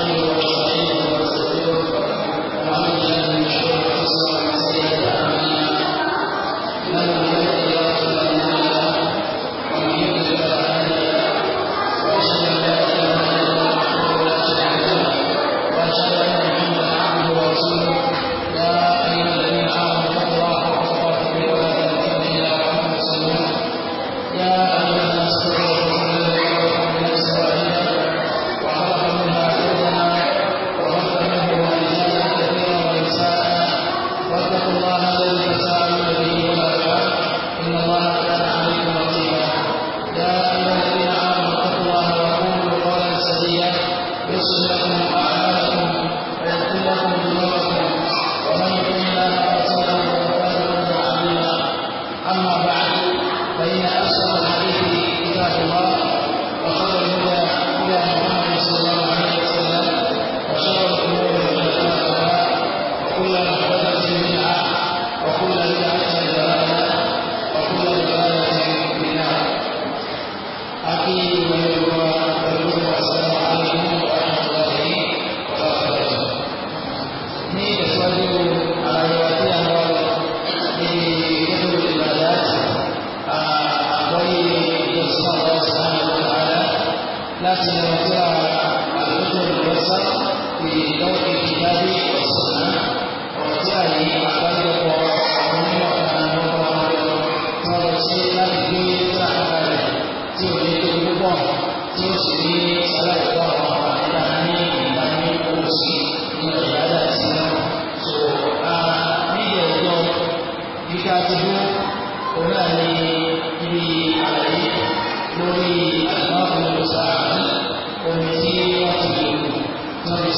Amém.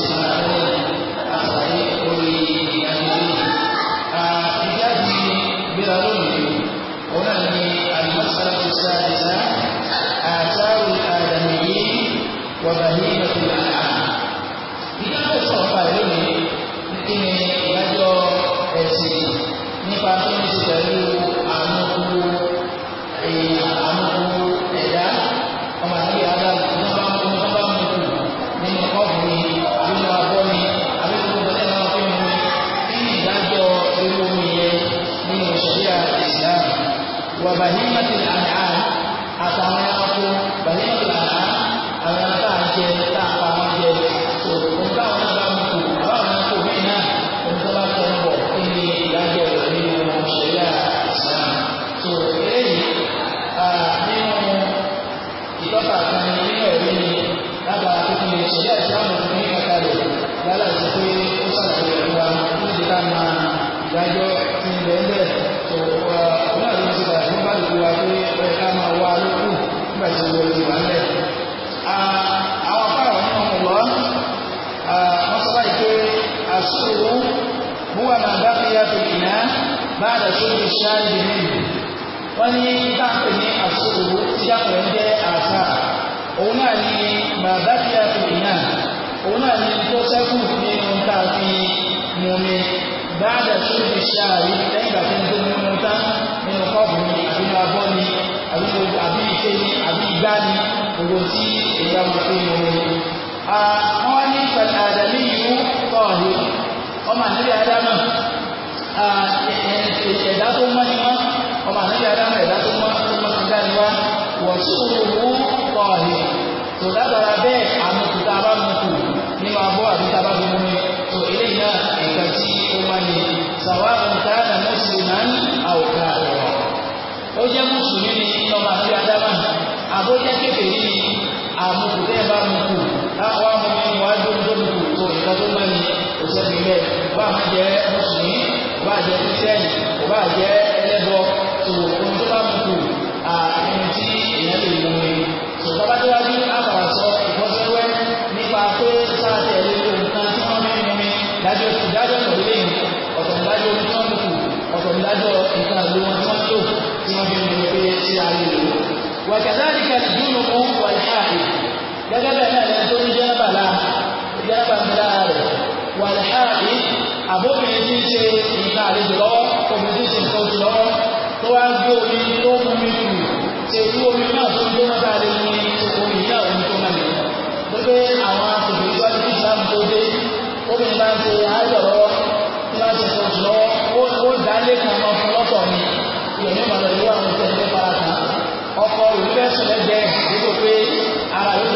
Amen. yálà ìṣe pé ó ṣàlàyé ìwà níbi ká máa ìdájọ́ ti ń bẹ́ẹ̀ bẹ́ẹ̀ tó ọ̀nà àti ti dà fún báyìí wa pé ọ̀yẹ́ ká máa wá lókù nígbà tí wọ́n ti wà lẹ̀. àwọn afárá wọn náà mọ̀ lọ wọ́n sọ báyìí pé àsòwò búwa máa bá fi yàtọ̀ ìná bá a dà tó ṣáàlì nínú wọ́n ní táàpù ní àsòwò tí àpò ń jẹ́ àṣà òun náà ní bàbá fi yàtọ̀ ìná òun náà ni tó sẹ́kù nínú tá a fi mú mi báàdà tó fi ṣe àrí lẹ́yìn ìgbà tó ń tó mímú tán nínú kọ́ọ̀bù mi àbí inú abọ́ mi àbí ike mi àbí igbá mi gbogbo tí èyí á mú fún mi. àwọn wá ní pẹ̀lú àdàlí ìlú tọ̀ọ̀lù ọmọ àdílé adámà ẹ̀dá tó mọ́ ni wọ́n ọmọ àdílé adámà ẹ̀dá tó mọ́ tó mọ́ ti dá ni wá wọ́n tó wù ú tọ̀ọ̀lù tòdá bàrà bẹ́ẹ̀ àmukùtà máa bọ́ àbí tá a bá fi mú mi tó eléyìí náà nǹkan tí ó máa ní sàwa nǹkan náà mùsùlùmí àwòká ọ̀rọ̀ ó jẹ́ mùsùlùmí ní ọmọ àti adama àbójẹ́ kékeré ní àmukù bẹ́ẹ̀ bá mu kù láwọn amúmi ni wàá dó dó mu kù tó nǹkan tó máa ní òṣèlú bẹ́ẹ̀ bá a máa jẹ́ mùsùlùmí bá a jẹ́ kristiani bá a jẹ́ ẹlẹ́bọ tó ohun tó bá mu kù lò wọn tí wọ́n lò tí wọ́n fi mú pé tí a lè lò. wàkàtàdì kàtí dúró mú wàlíhàdì gẹ́gẹ́ bẹ́ẹ̀ náà lẹ́nu tó ní jẹ́nàbà la jẹ́nàbà ń dára rẹ̀ wàlíhàdì àbókùnrin ti ń ṣe nǹkan àlejò lọ́wọ́ obìnrin ti ń ṣe nǹkan oṣù lọ́wọ́ tó wá gbé omi tó mú mi lù ṣe irú omi náà tó ń gbé mọ́ta lè ní omi náà omi tó má lè lọ pé àwọn akòkòrò ìwádìí ti sáà rẹ̀ ní ìbàdàn ìlú àwọn ìṣẹ̀lẹ̀ fara kan ọkọ òun fẹ́ sùn lẹ́gbẹ̀ẹ́ nígbà ara yóò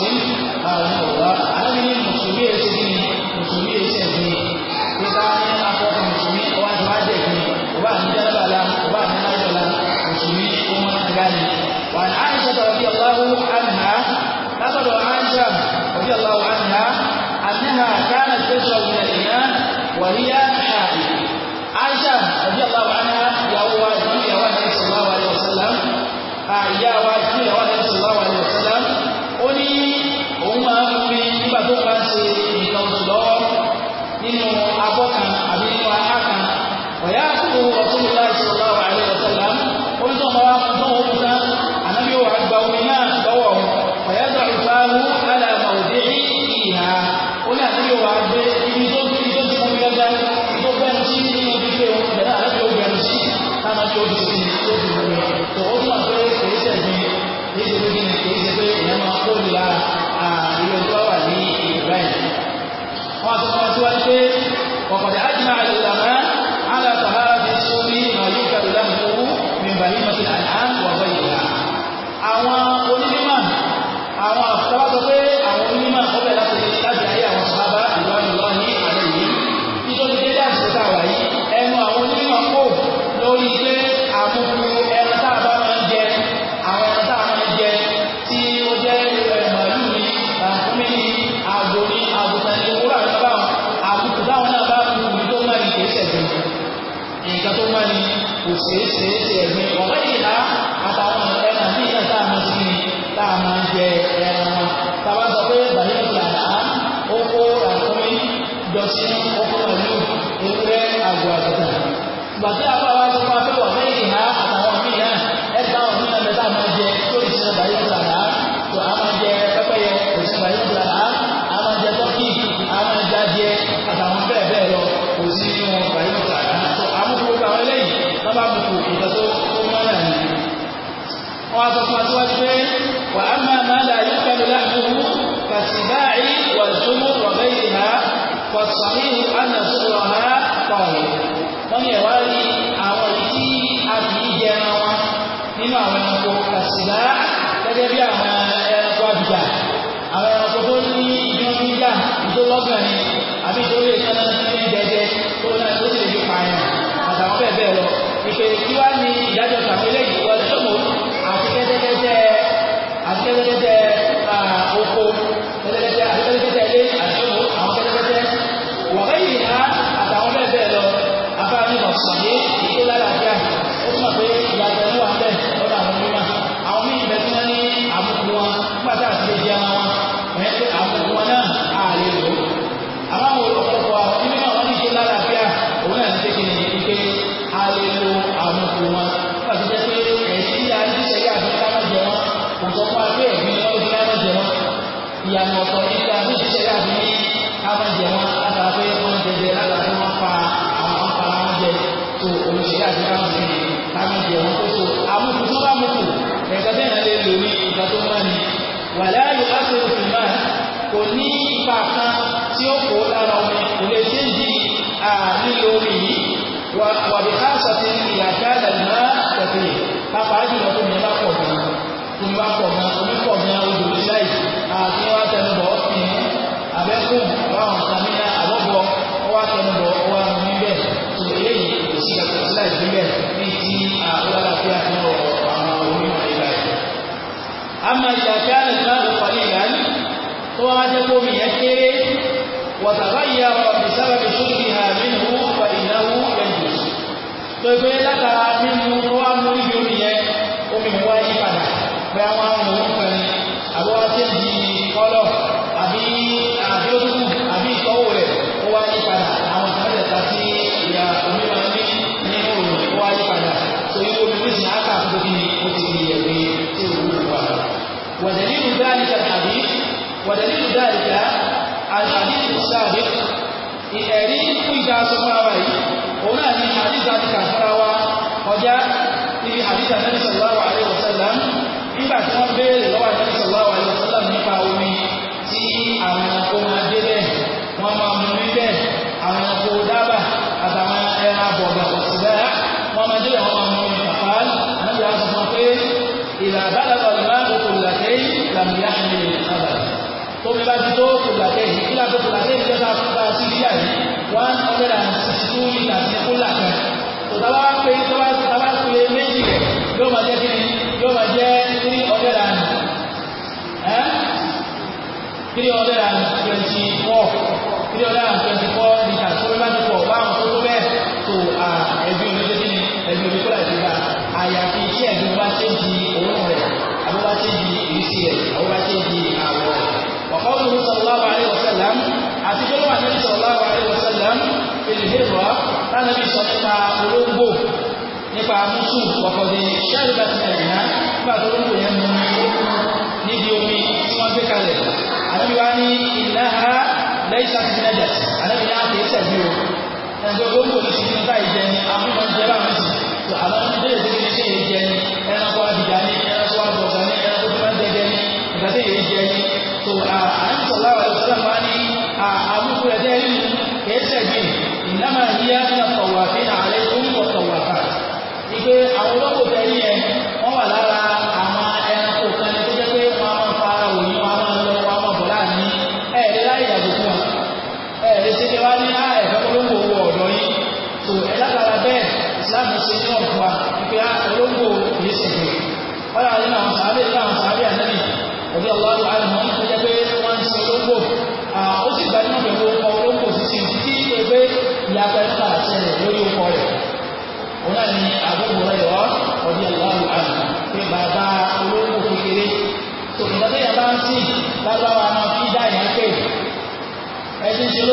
muslim àrùnbọ̀wá alábìnrin mùsùlùmí èsì ni mùsùlùmí èsì ẹ̀sìn ní bá ní afọ́kọ̀ mùsùlùmí ọwá ti wá jẹ̀ ní ọba àmì jálábàlá ọba àmì lájọlá mùsùlùmí ohun àga ni wà ní àìsà tàbí ọláwó àmìhá látọ̀dọ̀ àìsà tàbí ọláwó àmìhá àmìhá káàna tẹ̀sọ̀ ìrìnà wàríyá àìsà àìsà tàbí ọláwó àmìhá ìyàwó wa ìyàwó àti ìyàwó àti òun máa ń fi nígbà tó bá ṣe nǹkan oṣù lọ́wọ́ nínú abọ́ kan àbí nínú ahá kan ọ̀yá àtúntò ọ̀tún ìlà ìṣọ̀lá ọ̀rọ̀ àlẹ́ ọ̀sẹ̀lá ó ní tọ́mọ wa fún tọ́wọ́ fún tán ànábì ó wà gba omi náà lọ́wọ́ ọ̀yá tó ìfáwú alàmà òde ìhà ó ní ànábì ó wà gbé ibi tó ti tó ti fún gẹ́gẹ́ tó bẹ́ ti nínú fífẹ́ òun bẹ̀rẹ̀ ànábì ó bẹ̀rẹ̀ sí táwọn tó ti ti tó ti fún mi tó ó mọ̀ pé kò wọ́n sọ fún wa síwájú pé wọ́n sọ fún àtiwájú pé wà á máa máa là yí kẹ́lú láàbùrú kàṣìbáì wà zúmú rọ̀bẹ́ yìí ha wà sọ̀rí àná zúmọ̀ ha kọ̀ọ̀rọ̀ wọ́n ní ẹ̀wá rí àwọn èyí tí a fi í jẹ ẹran wọn nínú àwọn ẹranko kàṣìbá gẹ́gẹ́ bí àwọn ẹranko àbíjà àwọn ẹranko tó ní ìdíwọ́nìjà ìdólọ́gàn ni àbí ìdólè kaná ní dẹ́dẹ́ tó náà tó sì lè fi pààyàn àtàwọn bẹ́ẹ̀ bẹ́ẹ̀ lọ ìpè àti kẹ́tẹ́kẹ́tẹ́ àti kẹ́tẹ́kẹ́tẹ́ oko kẹ́tẹ́kẹ́tẹ́ àti kẹ́tẹ́kẹ́tẹ́ ilé àti àwọn kẹ́tẹ́kẹ́tẹ́ wọ̀kẹ́yìn ha àtàwọn bẹ́ẹ̀ bẹ́ẹ̀ lọ afáàní mọ̀sán ní ìdílé lára káàkiri pàápàá jùlọ tó mi bá pọ̀ gan tó mi bá pọ̀ gan omi pọ̀ gan odò láì àti wá tẹnubọ̀ ọ̀sìn abẹ́kùn báwọn sàmìnà àbọ̀bọ̀ wá tẹnubọ̀ wá níbẹ̀ tó eléyìí kò sí kàkiri láì níbẹ̀ ní ti àwọn aláfíà ní ọ̀rọ̀ àwọn onímọ̀ ìgbà yìí. àmọ́ ìdàkẹ́ àlẹ́ náà tó wá jẹ́ kó ذلك الحديث ودليل ذلك الحديث السابق ẹ̀rí fún ìjà aṣọ fún ara yìí òun náà ni hadith àti kàfàrà wa ọjà ibi hadith àti sallallahu alaihi wasallam nígbà tí wọ́n béèrè lọ́wọ́ àti sallallahu alaihi wasallam nípa omi tí àwọn ẹranko máa dé bẹ́ẹ̀ wọ́n máa mú mi bẹ́ẹ̀ àwọn ẹranko dábà àtàwọn ẹran bọ̀gbà ọ̀sùn bẹ́ẹ̀ wọ́n máa dé bẹ́ẹ̀ wọ́n máa mú mi kàfàrà àti àwọn ẹranko pé ìlà bàlàbà ìmáàmù kùlàtẹ́yì làmìyá ní ìsàbà tó mi bá ti tó kùlàtẹ́yì kílà tó kùlàtẹ́yì tó bá sí ilé àyè one hundred and sixty two ìlà sí kúlà kan tó tá bá pé tó bá tá bá pè é méjì rẹ̀ yóò máa twenty four three hundred and. hezwa tánàbí sọ nípa olóńgbò nípa musu ọ̀kọ̀dé sẹ́ẹ̀lì bá ti tẹ̀lé náà nígbà tó olóńgbò yẹn mú níbi omi tí wọ́n gbé kalẹ̀ àbí wá ní ìnáha lẹ́yìn sáfì nẹ́jà àbí náà kì í tẹ̀lé o ẹ̀jọ̀ olóńgbò ní ti nípa ìjẹ ni àwọn ọmọ ìjẹ bá mi sì tó àwọn ọmọ ìjẹ lè ti ṣe ìjẹ ni ẹranko àbìjà ni ẹranko àbọ̀gà ni ẹranko tó máa ń dẹdẹ ni ìgbà tó yẹ ìjẹ ni tó à إنما هي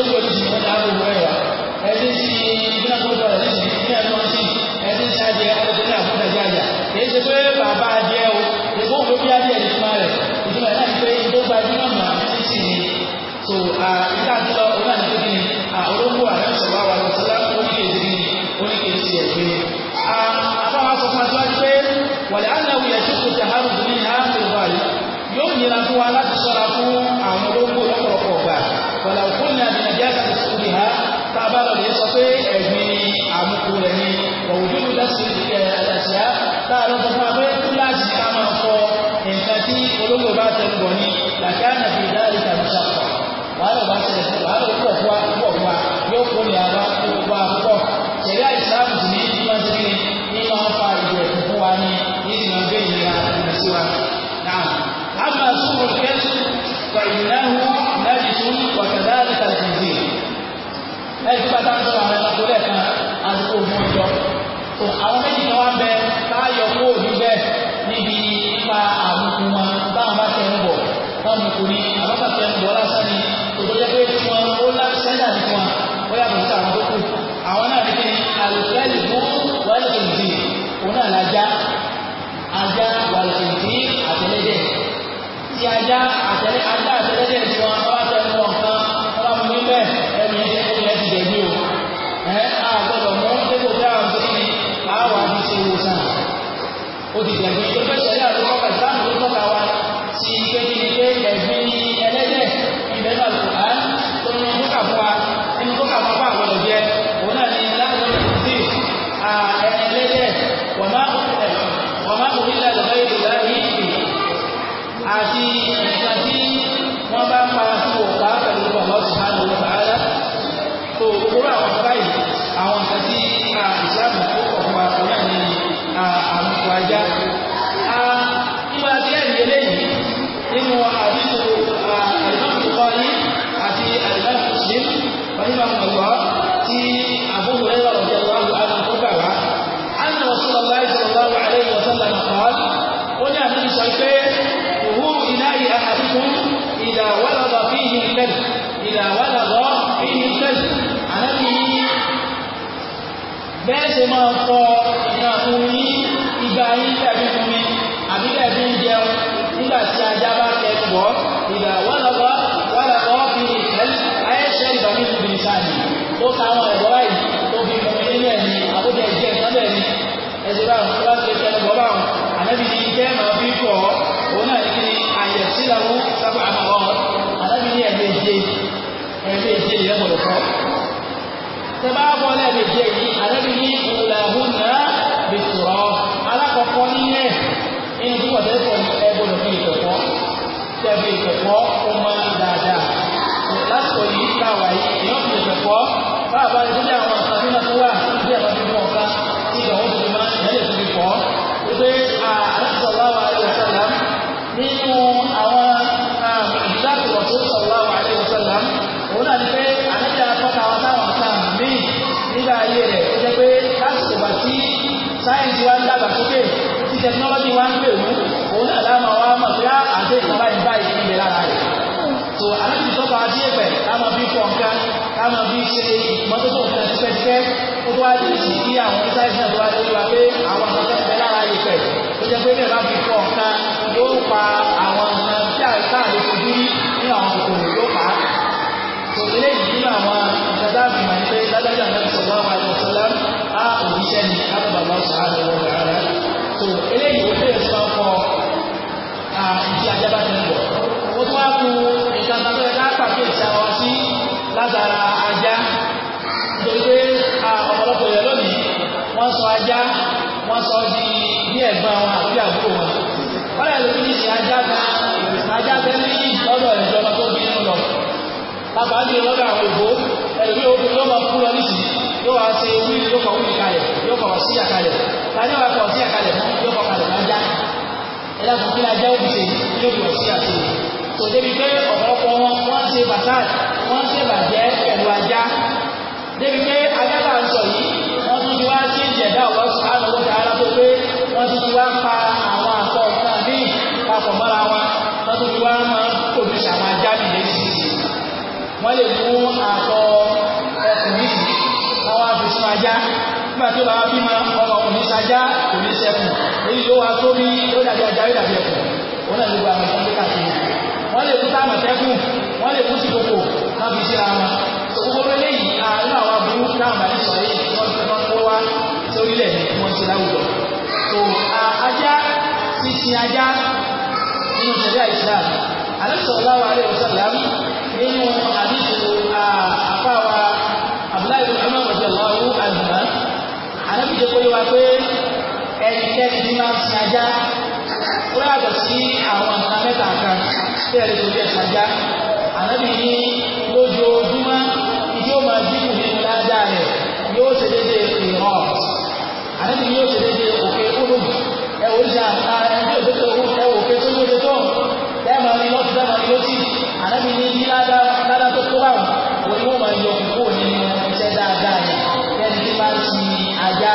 tó tó ti wọ́n dá gbogbo ẹ̀ wá ẹni tí iná gbogbo ẹ̀ lẹ́sìn ní ẹ̀ lọ́n sí ẹni tí adìẹ ọdún ní àbúrò ẹ̀jẹ̀ àjà kì í ṣe pé bàbá adìẹ o ìgbó wo bí adìẹ ní fún rẹ̀ ìdúró ẹ̀ náà ti pé ìgbó gbajúmọ̀ mà ń sì ní so ìta àti lọ òun náà ti pé ní olóńgbò àrẹ sọ̀rọ̀ àwọn àwọn sọ̀rọ̀ àwọn oníkèéjì ní oníkèéjì ẹ̀gbẹ́ àbáwọn sọ fún wa pé wàlẹ́ àgbàwò yẹ kí kò tàhárù tó ní ha ń pè báyìí yóò nira fún wa láti sọ́ra fún àwọn olóńgbò lọ́pọ̀lọpọ̀ lè sọ pé ẹ̀gbin àbùkù rẹ̀ ni ọ̀wùdú lẹ́sìn ìdíkẹ́ àtàṣíá láàárọ̀ sọ fún wa pé kíláàsì ká máa fọ nǹkan tí olóńgbò bá tẹnu bọ̀ ni làkẹ́ ànàfi ìdáàrí tàbí ṣàkọ̀ wàhálà bá ṣẹlẹ̀ sí wàhálà ó pọ̀ fún wa púpọ̀ fún wa yóò kó ní àbá gbogbo àpọ̀ ṣẹlẹ̀ àìsàmù sì ní ní máa ṣe ní máa fa ìwẹ̀ fún wa ní ní ẹ̀rí pátá ń sọ̀rọ̀ àwọn ẹranko lẹ́ẹ̀kan àsìkò òun ọjọ́ tó àwọn méjì kan wá ń bẹ káyọ̀ kó òbí bẹ́ẹ̀ níbi nípa àbùkù wọn báwọn bá tẹ̀ ń bọ̀ wọn mú kú ní àwọn bá tẹ̀ ń bọ̀ lásán ni tòtò jẹ́ pé fún wọn ó láti sẹ́ńdà ní fún wọn ó yàtọ̀ sí àwọn tó kù àwọn náà ní kí ni àlùfẹ́lì fún wẹ́lẹ̀kẹ̀ǹdì òun náà lájá ajá wàlẹ̀kẹ̀ǹdì àtẹlẹ́dẹ̀ Merci. sọ pé òwú iná ìyá àdìkún ìdàwọ́lọ́dọ̀ bí i nìkan ìdàwọ́lọ́dọ̀ bí i nìkan ànábì yìí bẹ́ẹ̀ ṣe máa fọ ìyá fún yín ìgbà yín tẹ̀lé fún mi àbí tẹ̀lé ń jẹun nígbà tí ajá bá tẹ̀ bọ́ ìdàwọ́lọ́dọ̀ wọ́lọ́dọ̀ bí i nìkan ayẹ́ṣẹ́ ìbámu ìbí sáàdì ó sáwọn ẹ̀bọ́ báyìí ó fi mọ̀ nílẹ̀ ni àbújá ìjẹ́ ìtọ́lẹ̀ ni ẹ̀sìn báwọn tó bá ti tẹnu bọ́ báwọn ànábì ní tẹ́ máa fi kọ̀ ọ́ òun náà ní kí ni àyẹ̀ síláwó sábà àmọ́ ànábì ní ẹ̀ẹ́dẹ́jẹ ẹ̀ẹ́dẹ́jẹ lè lẹ́gbọ̀dọ̀ kọ́. tẹ́bá bọ́ lẹ́ẹ̀dẹ́jẹ yìí ànábì ní ìlàhùnà bìtùrọ̀ alákọ̀ọ́kọ́ nílẹ̀ inú tí wọ́n tẹ́lẹ̀ pọ̀ ẹgbọ́dọ̀ fi ìkẹ̀kọ́ tẹ́bi ìkẹ̀kọ́ ó máa dáadáa lásìkò yìí táwa yìí èèyàn fi ìkẹ̀kọ́ báwa bá rí pé àdìsọ̀láwà àdìsọ̀lá nínú àwọn ìdákùrọ̀ tó sọ̀láwà àdìsọ̀lá òun náà ni pé àdìsọ̀ àkọ́kọ́ àwọn táwọn kan míì nígbà ayé rẹ̀ ó jẹ́ pé lásìkò bá tí sáyẹ́ǹsì wa ń dàgbà sókè tí tẹkinọ́lọ́jì wa ń gbèrú òun náà láwọn wa mọ̀ pé ah, àdé ìjọba ìbáyìí ń bẹ lára rẹ̀ so aláàbí tọ́ka adé ẹ̀pẹ̀ káma bí fọ nǹkan káma bí ṣe ìmọ́tótó nǹkan tipẹ́tipẹ́ ó tó wá dé sí kí àwọn sáyẹ́ǹsì náà tó wá rẹ̀ tó jẹ́ pé bẹ́ẹ̀ bá fi kọ́ nǹkan yóò pa àwọn nǹkan tí àìsá àlejò bí ní àwọn kòkòrò yóò pa á. tó eléyìí nínú àwọn ìjọba àbí màá pé ládájọ́ àti sallallahu alaihi wasallam á òjíṣẹ́ ni lábàbà ọ̀sán àlọ́wọ́ rẹ̀ tó eléyìí ó bẹ̀rẹ̀ sí ọkọ̀ àti àjábá ti ń bọ̀. ó tún wá ku ìjọba tó yẹ ká pàkíyèsí àwọn sí látara ajá nítorí pé ọ̀pọ̀lọpọ̀ yẹ wọ́n sọ di bí ẹ̀gbọ́n wọn àbí àbúrò wọn. wọ́n lè lóbi ní ti ajá gan ajá gan ní lọ́dọ̀ ìjọba tó bí nínú lọ. pàápàá bí lọ́dọ̀ àwọn òbó ẹ̀rí òbí yóò máa kú lọ nísìnyí yóò wá ṣe wíìlì yóò kọ wíìlì kalẹ̀ yóò kọ sí àkalẹ̀ tani wà kọ sí àkalẹ̀ fún yóò kọ kalẹ̀ lájá ẹ̀dá fún kí lájá òbí ṣe yóò kọ sí àṣe. kò débi pé ọ̀pọ̀lọpọ̀ wọn wọ́n ṣe bàtà wọ́n ṣe bàjẹ́ pẹ̀lú ajá débi pé wọ́n tún ti wá pa àwọn àtọ̀ ọ̀gá ní papọ̀ mọ́ra wọn wọ́n tún ti wá máa ń pòdùsì àwọn ajáde létí wọ́n lè mú àtọ̀ ọkùnrin àwọn àfisùn ajá nígbà tó bá bí ma ọmọ ọkùnrin sajá kò ní sẹ́kù èyí ló wá tó bí ó dàbí ajá ó dàbí ẹ̀kọ́ òun náà ló gba àwọn ìṣẹ́ káàkiri wọ́n lè mú táàmù sẹ́kù wọ́n lè mú sí gbogbo wọ́n fi síra wọn gbogbo eléyìí àárín àwọn aburú táàmù àti sọ̀rọ̀ yìí wọ́n fi wọ́n kó wá sórílẹ̀ wọ́n ti láwùjọ so ajá sísin ajá nínú ṣẹ̀ríà Islam Ànábì sallallahu alaihi wasallam nínú àdìsù àfáwà Abdullahi ibn Umar radiyallahu anhuma àlẹ́bìjẹ́ kó yẹ wa pé ẹnikẹ́ni ní máa sin ajá ó yàtọ̀ sí àwọn nǹkan mẹ́ta kan tí ẹ̀rí tó jẹ́ sajá àlẹ́bì ní lójoojúmọ́ ìdí ó máa dínkù nínú ládàá rẹ̀ yóò ṣe déédéé ìhàn àlẹ́bì yóò ṣe déédéé oríṣà ẹbí òṣèlú ẹwò pé tó gbóde tó lẹ́ẹ̀mọ̀ ní lọ́tí lẹ́ẹ̀mọ̀ ní lọ́tí ànábi ní ní ládá tó kó báwọn kò ní wọ́n máa yọ kúkú nínú iṣẹ́ dáadáa yẹn kẹ́ni tí bá ti ajá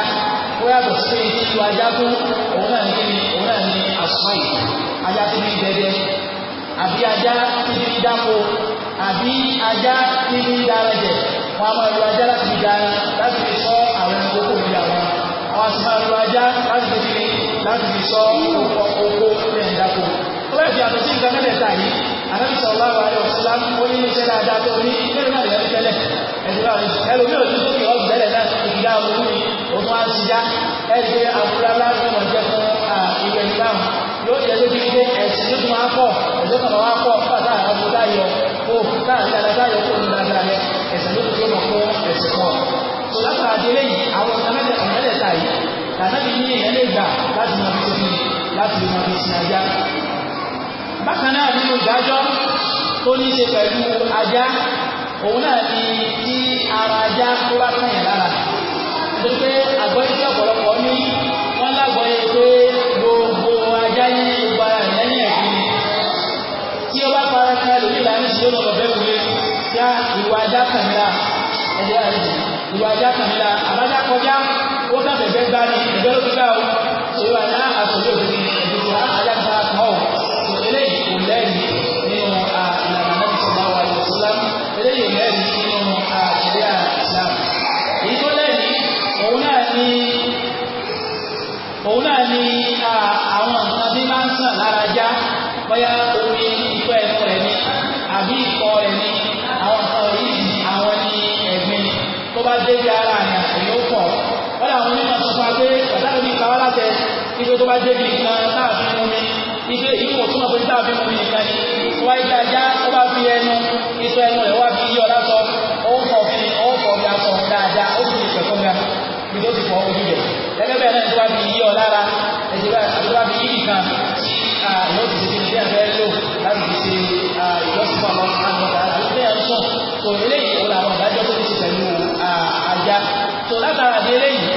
ó yàtọ̀ sí pé tí ìlú ajá tó òun náà ní òun náà ní àsùnmáì ajá tó ní dẹdẹ àbí ajá tó ní dáko àbí ajá tó ní dára jẹ wọn láti fi sọ àwọn ìkókò ìyàwó àwọn àti máa lo ajá láti fi láti fi sọ ọkọ̀ owó ẹ̀dáko tó bẹ́ẹ̀ fi àtọ̀ sí nǹkan mẹ́tẹ̀ẹ̀ta yìí ànábì sallallahu alaihi wasallam ó ní iṣẹ́ dáadáa tó ní nínú náà lẹ́nu tẹ́lẹ̀ ẹ̀dùnú àwọn ẹlòmíì ò ti tó kìí ọ̀gbẹ́lẹ̀ náà ìdílé àwọn olórí òun á ti já ẹgbẹ́ àbúrá láti mọ̀ jẹ́ fún ìwé ìbámu yóò jẹ́ débi pé ẹ̀sìn tó máa pọ̀ ẹ̀sìn tó máa pọ̀ pàtà àwọn dáyọ̀ kó táàrí aládáyọ̀ kó ní dáadáa rẹ̀ ẹ̀sìn tó tó mọ̀ fún ẹ̀sìn pọ̀. sọ̀lá lànàbí ní èèyàn lè gbà láti máa fi sí láti máa fi sin ajá bákan náà nínú ìdájọ́ tó ní ṣe pẹ̀lú ajá òun náà ni tí ara ajá tó bá kàyàn lára nítorí pé àgbọ́yé tí ọ̀pọ̀lọpọ̀ ní wọ́n lágbọ́yé pé gbogbo ajá ní gbogbo ara rẹ̀ ní ẹ̀kí ni tí ó bá para ká lórí ìlànà ìṣẹ́ lọ́wọ́ bẹ́ẹ̀ wúlé yá ìwà ajá kàmílà ẹ̀jẹ̀ àrẹ̀jẹ̀ ìwà ajá kàmílà àbájá kọjá ó sàfẹ́ fẹ́ gbá ní ìgbẹ́ ló ti gbá o ṣe wà ní àtúndì òfin ìlú ajáta ọ̀ tó eléyìí kò lẹ́rìí nínú ìlànà mọ́tò bá wà ní Islam eléyìí kò lẹ́rìí nínú àṣírí Islam èyí tó lẹ́rìí òun náà ní òun náà ní àwọn nǹkan tí máa ń sàn lára já bóyá omi ìfẹ́ ẹ̀fọ́ ẹ̀ ní àbí ìkọ pé tó bá jẹ́ bí nǹkan táàbí mú mi ibi ìlú òtún náà pé táàbí mú mi nìkan ni wá ìta já ó bá fi ẹnu iṣẹ́ ẹnu rẹ̀ wá fi yí ọ lásọ ó fọ̀ fi ó fọ̀ fi aṣọ dáadáa ó sì fẹ̀ fún mi ni ló ti fọ ojú rẹ̀ gẹ́gẹ́ bẹ́ẹ̀ náà tó bá fi yí ọ lára ẹ̀jẹ̀ bá tó bá fi yí nìkan ìwọ ti ṣe kí ẹ fẹ́ lò láti fi ṣe ìjọsìn fún àwọn àwọn ọ̀gá àti ilé ẹ̀ ń sùn tó eléyìí òun làwọn ìdájọ́ tó ti ṣe pẹ̀lú ajá tó látara di eléyìí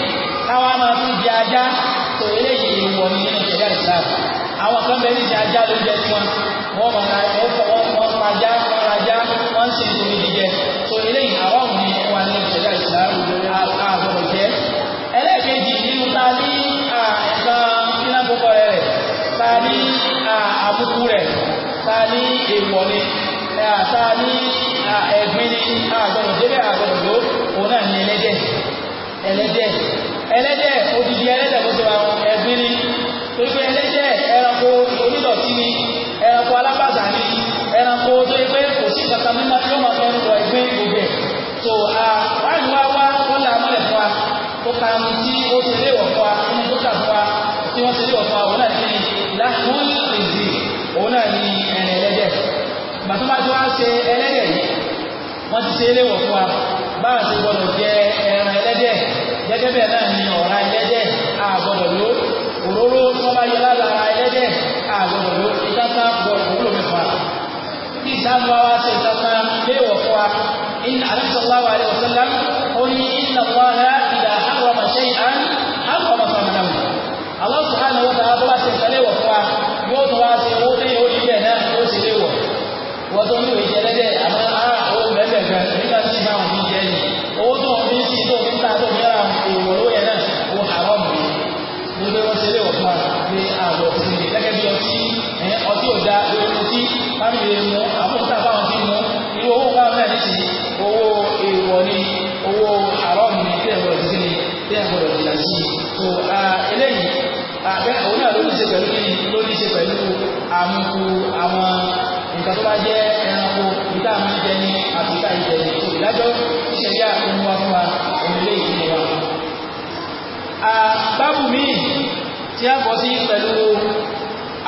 káwa máa fi di ajá tó eléyìí wọ ní ìṣẹ̀lẹ̀ islam àwọn kan bẹ́ẹ̀ níṣẹ́ ajá ló jẹ tiwọn wọ́n máa ra ẹ̀ wọ́n wọ́n máa já wọ́n máa já wọ́n ń ṣe nítorí jíjẹ tó eléyìí àwọn ọ̀hún ni wọ́n wà ní ìṣẹ̀lẹ̀ islam àgbọ̀dọ̀ jẹ́ ẹlẹ́ẹ̀kejì nínú ta ní nǹkan iná gbogbo rẹ̀ ta ní àbùkù rẹ̀ ta ní èèwọ̀ ni ta ní ẹ̀gbin ni àgbọ̀dọ̀ débẹ̀ àgbọ̀dọ̀ ló òun náà ní ẹlẹ́dẹ̀ ẹlẹ́dẹ̀ Ele odidi obibi ele ṣe wà ẹ̀gbin ni torí pé ẹranko onídọ̀tí ni ẹranko alábàdà ni ẹranko tó yẹ pé kò sí kankan nínú tí ó máa fẹ́ lọ ẹ̀gbin gbogbo tó a wáyé wá wá wọ́n là mọ́lẹ̀ fún wa ka mu tí ó ti lé wọ̀ fún wa tó kà fún wa tí wọ́n ti lé wọ̀ fún wa òun náà ní òun náà ní gẹ́gẹ́ bẹ́ẹ̀ náà ni ọ̀rá ẹlẹ́dẹ̀ àgbọ̀dọ̀ ló òróró tí wọ́n bá yọ lára ẹlẹ́dẹ̀ àgbọ̀dọ̀ ló ìtàkà bọ̀ òwúlò mẹ́fà kí ìsáàmù wa ṣe ìtàkà léèwọ̀ fún wa in àlẹ́sọ̀lá wa àlẹ́ ìdájọ́ ìṣẹ̀lẹ̀ àkókò wa fún wa òmìnirè ìdílé wa. báàbù míì tí a bọ́ sí pẹ̀lú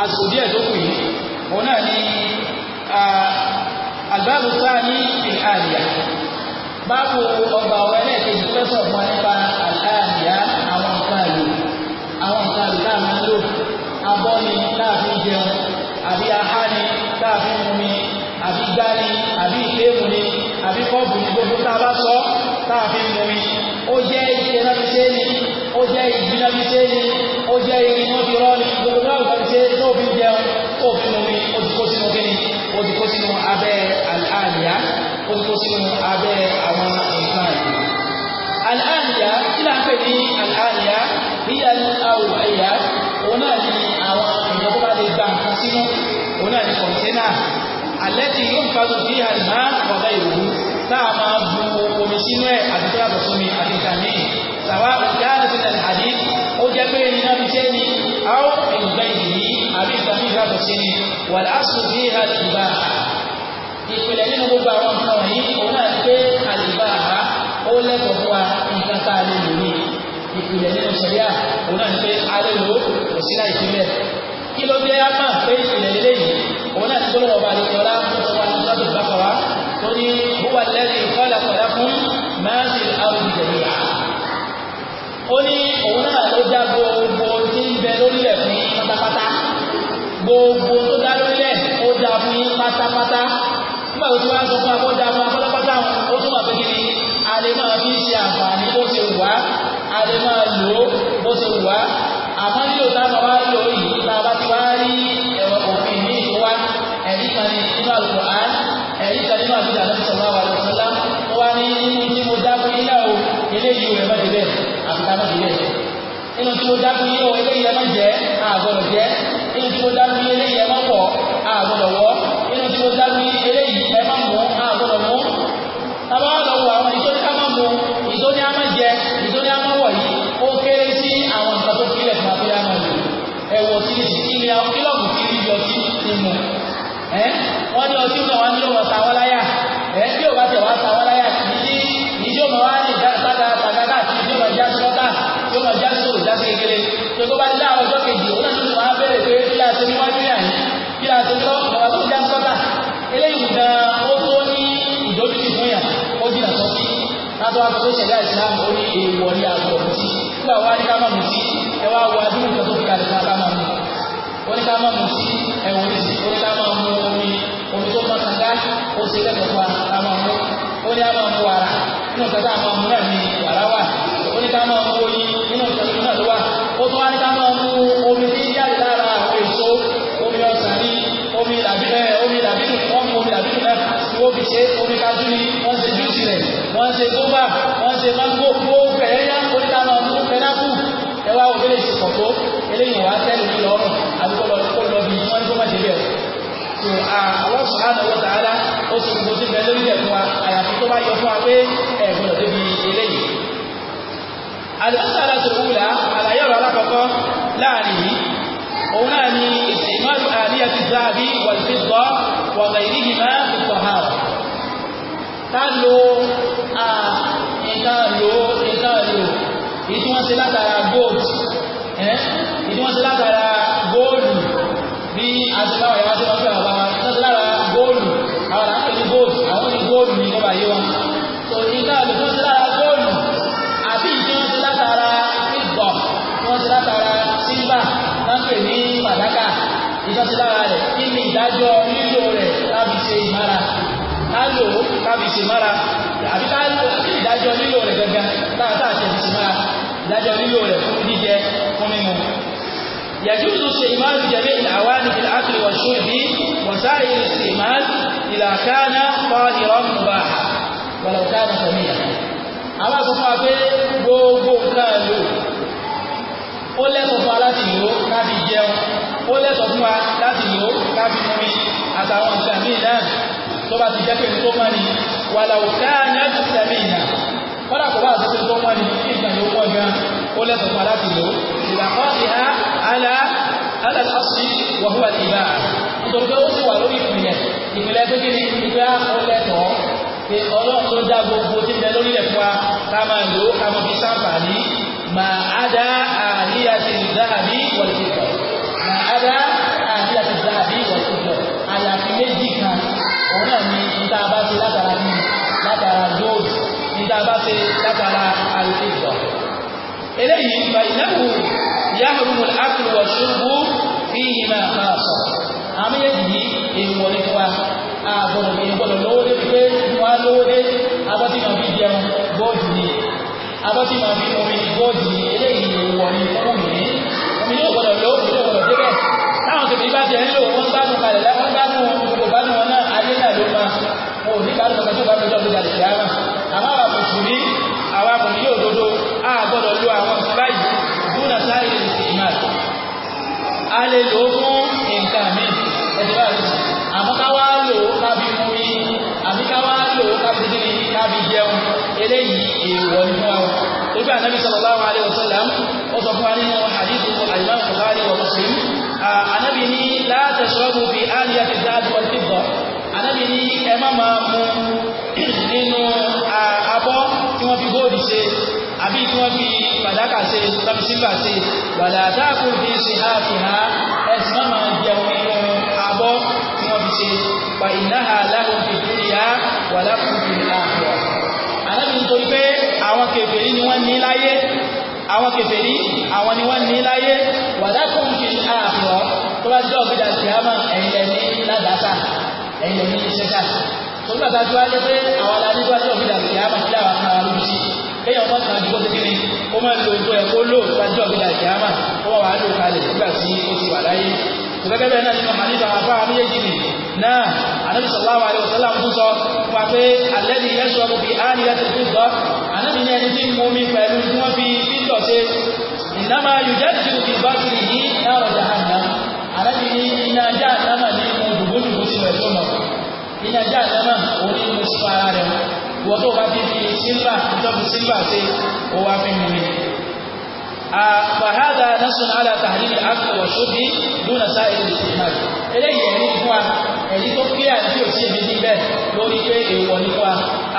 àsìkò díẹ̀ tó kù yìí òun náà ni àgbàbù sáà ní ìhàlìyà báàbù ọgbà ọ̀rọ̀ ẹlẹ́ẹ̀kejì fẹ́ sọ̀rọ̀ wọn nípa àlàáyà àwọn nǹkan àwọn nǹkan àlò lò abọ́ láàfin jẹun àbí ahá láàfin mumi àbí gbá tá a bá sọ tá a fi mú mi ó jẹ́ ìṣe náà fi ṣe é ní ó jẹ́ ìdí náà fi ṣe é ní ó jẹ́ irin wọn fi rọ́ ní gbogbo náà fi ṣe é tó fi jẹun tó fi mú mi ó ti kó sínú kíni ó ti kó sínú abẹ́ àlàáyà ó ti kó sínú abẹ́ àwọn nǹkan àyè. àlàáyà kí náà pè ní àlàáyà bí àwọ̀ ẹ̀yà òun náà ní àwọn èèyàn tó bá lè gba nǹkan sínú òun náà ní kọ̀ńténà àlẹ́ tí yóò fa tó fi hàn má ọ̀gá ìròyìn táà máa bu omi sínú ẹ̀ àti tó yàtọ̀ sómi àti ìtàmì sàwa ìdáhàdì sí ìtàlẹ̀ àdí ó jẹ́ pé iná fi ṣe ni a ó ìgbà ìdìyí àbí ìtàmì ìyàtọ̀ sí ni wà láṣù bí ìhà ìgbà ìpìlẹ̀ nínú gbogbo àwọn nǹkan wọ̀nyí òun náà pé àlìbá àhá ó lẹ́tọ̀ọ́ fún wa nǹkan tá a lè lò ní ìpìlẹ̀ nínú ṣẹ̀ríà òun náà pé a lè lò kò sí láì fi bẹ́ẹ̀ pátápátá nígbà tó ti wá sọ fún akọ́dá fún pátápátá ó tún wà pé kí ni a lè máa fi ṣe àǹfààní bó ṣe wà á a lè máa lò ó bó ṣe wà á àmọ́ nílò táwọn wá lò yìí tá a bá ti wá rí ẹ̀rọ òfin ní ìlú wa ẹ̀rí kan ní inú àlùkò á ẹ̀rí kan nínú àbíjà lọ́sí sọ̀rọ̀ àwọn àlùkò ńlá ó wá ní inú tí mo dá fún iná o eléyìí rẹ̀ mọ́tò bẹ́ẹ̀ àbíká mọ́tò bẹ́ẹ̀ tí mo dá fún iná o eléyìí rẹ̀ mọ́ jẹ́ àgọ́dọ̀ jẹ́ inú tí mo dá fún iná eléyìí rẹ̀ mọ́ pọ̀ àgọ́dọ̀ wọ́ ló dágbé eléyìí ẹ má mú àgbọ̀dọ̀ mú tábà wà lọ́wọ́ àwọn ìtò ní àmà mú ìtò ní àmà jẹ ìtò ní àmà wọ̀ yìí ó kéré sí àwọn nǹkan tó kílẹ̀ fún abẹ́rẹ́ àmà lò ẹ̀wọ̀ kiri sí kílẹ̀ kílọ̀bù kiri yọ sí ti mú ẹ wọ́n ní ọtí náà wá ní ọwọ́ wá sọ ìṣẹ̀lẹ̀ islam ó ní èèwọ̀ ní àgbọ̀ mutí nígbà wá ní ká má mutí ẹ wá wá bí nǹkan tó fi kalẹ̀ fún ká má mu ó ní ká má mutí ẹ̀wọ̀n ní sí ó ní ká má mu omi omi tó má kanga ó ṣe lẹ́tọ̀ọ́ fún wa ká má mu ó ní ká má mu wàrà nínú nǹkan tá a má mu náà ní wàrà wà ó ní ká má mu oyin nínú nǹkan tó náà ló wà ó tún wá ní ká má mu omi tí jáde lára àwọn èso omi ọ̀sán ní omi làbí omi làbí omi làbí náà ni wọ́n fi ṣe omi kájú ni wọ́n wọ́n ṣe gómà wọ́n ṣe máńgò kó pẹ̀lẹ́yà oníkanà ọdún pẹ̀lápù ẹwà òbílẹ̀ ṣe kọ̀kọ́ eléyìí wá tẹ́lẹ̀ ní lọ́rùn àdúgbò lọ bí wọ́n gómà ṣe bẹ̀rẹ̀ tó àwọn sùhánà wọ́n tààlà ó sì gbogbo ti bẹ lórí ẹ̀fún wa àyàfi tó bá yọ fún wa pé ẹ̀gbọ́n débi eléyìí àdìmọ́sára tó wúlà àlàyé ọ̀rọ̀ alákọ̀ọ́kọ́ láàrin yìí òun náà ni ìsìnkú àríyá ti dáàbí wàlúfíìsọ wàgbà ìdíjìmá ìtọ̀hàn ká lo nǹkan lò nǹkan lò èyí tí wọ́n ṣe látara gold èyí tí wọ́n ṣe látara góòlù bí aṣèláwọ̀ yẹn wá sí wọ́n fẹ́ bàbá wa wọ́n ṣe góòlù àwọn làákè ní gold àwọn ní góòlù ní ìjọba yìí wọn. tó nǹkan lò tí wọ́n ṣe lára góòlù àbí tí wọ́n ṣe látara ìgbọ̀ tí wọ́n ṣe látara sílvà láńpẹ̀ ní fàdákà ìjọ́sí rẹ̀ kí ni ìdájọ́ lílo rẹ̀ láti ṣe ìmára ká lò ó ká fi ṣe mára àbí ká lò ìdájọ́ lílò rẹ̀ gangan táà táà ṣe fi ṣe mára ìdájọ́ lílò rẹ̀ fún jíjẹ fún mímu. يجوز استعمال جميع الأواني في الأكل والشرب وسائر الاستعمال إذا كان طاهرا مباحا ولو كان سميعا àwọn àkọ́kọ́ abẹ́ gbogbo nǹkan ó lẹ́tọ̀ fún wa láti lò ó jẹun ó lẹ́tọ̀ fún wa láti lò ó mú mi àtàwọn nǹkan míì náà tó bá ti jẹ́ pé tó mọ́ ni wà láwùká ní àti sẹ́mi ìyà kọ́dà kò bá àtúnṣe tó mọ́ ni kí nǹkan ló pọ̀ gan ó lẹ́sọ̀ pa láti lò ìlàkọ́ ìhá alá alàlásí wàhúwà ìbá nítorí pé ó sì wà lórí ìpìlẹ̀ ìpìlẹ̀ tó kíni ìgbà ó àyàfi méjì òun náà ni níta bá ṣe látara ní látara gold níta bá ṣe látara alifíjọ. eléyìí ìgbà ìnáwó yahrumu al-aklu wa shurbu fihima khassa. àwọn méjèèjì yìí èyí wọlé fún wa àgbọ̀dọ̀ èyí gbọ́dọ̀ lówó dé pé wọ́n á lówó dé abọ́tí máa fi jẹun gold ni abọ́tí máa fi omi gold ni eléyìí èyí wọlé fún mi. omi yóò gbọ́dọ̀ lówó dé gbọ́dọ̀ débẹ̀ táwọn tòbí a lè lò fún nǹkan mi ẹ̀dùbà rẹ̀ àmọ́ ká wá lò lábí mú mi àbí ká wá lò lábí kí ni lábí jẹun eléyìí èèwọ̀ ni wọn torípé ànábì sallallahu alaihi wasallam ó sọ fún wa nínú hadithu alimami bukhari wa muslim ànábì ní la tashrabu fi aliyati dhahab wal fidda ànábì ní ẹ má máa mú nínú abọ́ tí wọ́n fi góòdì ṣe àbí tí wọ́n fi fàdákà ṣe tàbí sílvà ṣe wàlá àtàkù fi ṣe àfihàn ẹ̀sìn máa máa jẹun inú abọ́ tí wọ́n fi ṣe wà ìnáhà láhùn fi dúnìyà wà láhùn fi àhùwà. àlẹ́bí nítorí pé àwọn kèfèrí ni wọ́n ní láyé àwọn kèfèrí àwọn ni wọ́n ní láyé wà láhùn fi àhùwà tó bá jẹ́ òkúta ìṣẹ́yàmọ̀ ẹ̀yìn lẹ́ni ládàáta ẹ̀yìn lẹ́ni ṣẹ́ṣà. tó gbàgbá tó wá jẹ́ pé àwọn aládùúgbò àti kéèyàn mọ́ sàn àdúgbò kékeré ó máa lo ojú ẹ̀ kó lò sájú ọ̀gbìn àti àmà ó wà wá lò kalẹ̀ nígbà tí ó ti wà láyé gẹ́gẹ́ bẹ́ẹ̀ náà nínú àdìsọ àbá méjèèjì nì náà ànábì sallallahu alaihi wasallam tún sọ wà pé alladhi yashrabu bi aniyati fidda ànábì ní ẹni tí mú mi pẹ̀lú tí wọ́n fi fídọ̀ ṣe innama yujaddidu fi batnihi nara jahannam ànábì ní iná ajá àdámà ní mo dùgbòdùgbò sí rẹ̀ tó lọ iná ajá àdámà òun mo sọ ara rẹ̀ wọ́n tó bá ti fi sílvà ìtọ́bù sílvà sí ó wá fi mú mi. àfàhádà nasun ala tahriri akli wa shurbi duna sa'il al-istimali eléyìí ẹ̀rí fún wa ẹ̀rí tó kílà tí ò sí èmi níbẹ̀ lórí pé èèwọ̀ nípa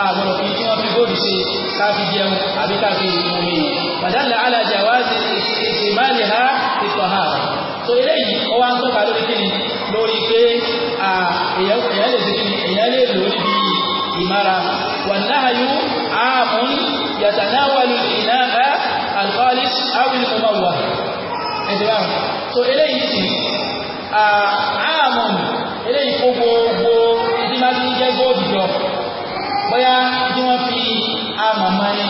àgbọ̀dọ̀ fi tí wọ́n fi góòlù ṣe káfí jẹun àbí káfí mú mi. wàdàlà ala jawazi istimaliha ìtọ̀hárà so eléyìí ó wá ń tọ́ka lórí kíni lórí pé èèyàn lè ṣe kíni èèyàn lè lò níbi ìmára والنهي عام يتناول الإناء الخالص أو المموه ẹ̀dùnmáà so eléyìí sì àmọ́ eléyìí kó gbogbo ìdí máa ti jẹ́ góòdù jọ bóyá bí wọ́n fi àmọ́ máa ní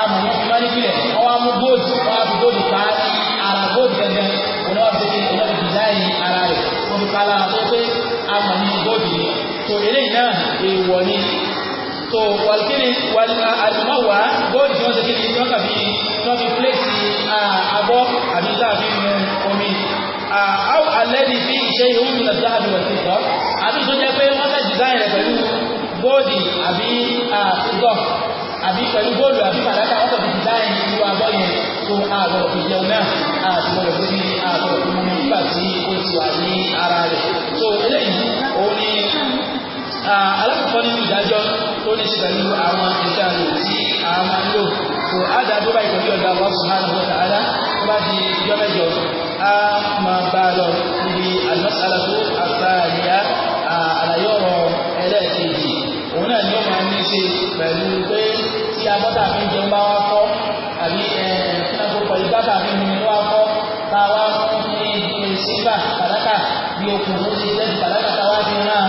àmọ́ wọn fi máa ní bílẹ̀ wọ́n wá mú góòdù wọ́n á fi góòdù pa ara góòdù gẹ́gẹ́ òun náà fi òun náà fi dìzáìnì ara rẹ̀ wọ́n fi pa lára tó pé àmọ́ ní góòdù yìí so eléyìí náà èèwọ̀ ni so wàlùkìrì àlùmọ́wà góòlù tí wọ́n ṣe kíni tí wọ́n kàbí tí wọ́n fi pléètì abọ́ àbí sáàfin mu omi àwọn alẹ́dì bí iṣẹ́ ìhun mi lọ sáàbì wọ̀ sí sọ àbí tó jẹ́ pé wọ́n fẹ́ design rẹ̀ pẹ̀lú góòlù àbí àtúgọ̀ uh, àbí pẹ̀lú góòlù àbí fàdákà wọ́n kàn fi design irú abọ́ yẹn tó àgọ̀rọ̀ fi jẹun náà àtúgọ̀rọ̀ fi àgọ̀rọ̀ fi mu nígbà tí ó ti wà ní ara rẹ̀ so eléyìí òun ni alákọ̀ọ́kọ́ nínú ìdájọ́ tó ní ṣe pẹ̀lú àwọn ìṣẹ́ àlò tí a máa ń lò so ádá tó bá ìtọ́jú ọ̀dọ̀ àwọn subhanahu wa ta'ala tó di ìjọ mẹ́jọ a máa bá lọ níbi al-mas'alatu ath-thaniya àlàyé ọ̀rọ̀ ẹlẹ́ẹ̀kejì òun náà ni ó máa ní ṣe pẹ̀lú pé tí abọ́tà fi ń jẹun bá wá kọ́ àbí ẹ̀ẹ́dẹ́gbọ́pọ̀ ìbátà fi ń wá kọ́ tá fún ní sílvà pàdákà bí okùn ó ti jẹ́ pàdákà tá a rán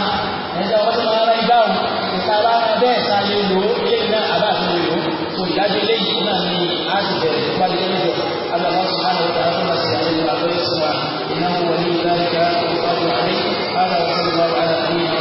bẹ́ẹ̀ ta lè lò ó lẹ́yìn náà àbá àti lè lò ó tó ìdájọ́ eléyìí náà ni a ti bẹ̀rẹ̀ tó bá dé níjọ alábà sùnmọ́nà ó tara fún àti àlejò àgbẹ̀yẹsùn wa ìnáwó wọlé ìdáríkà ìfọwọ́ àlẹ́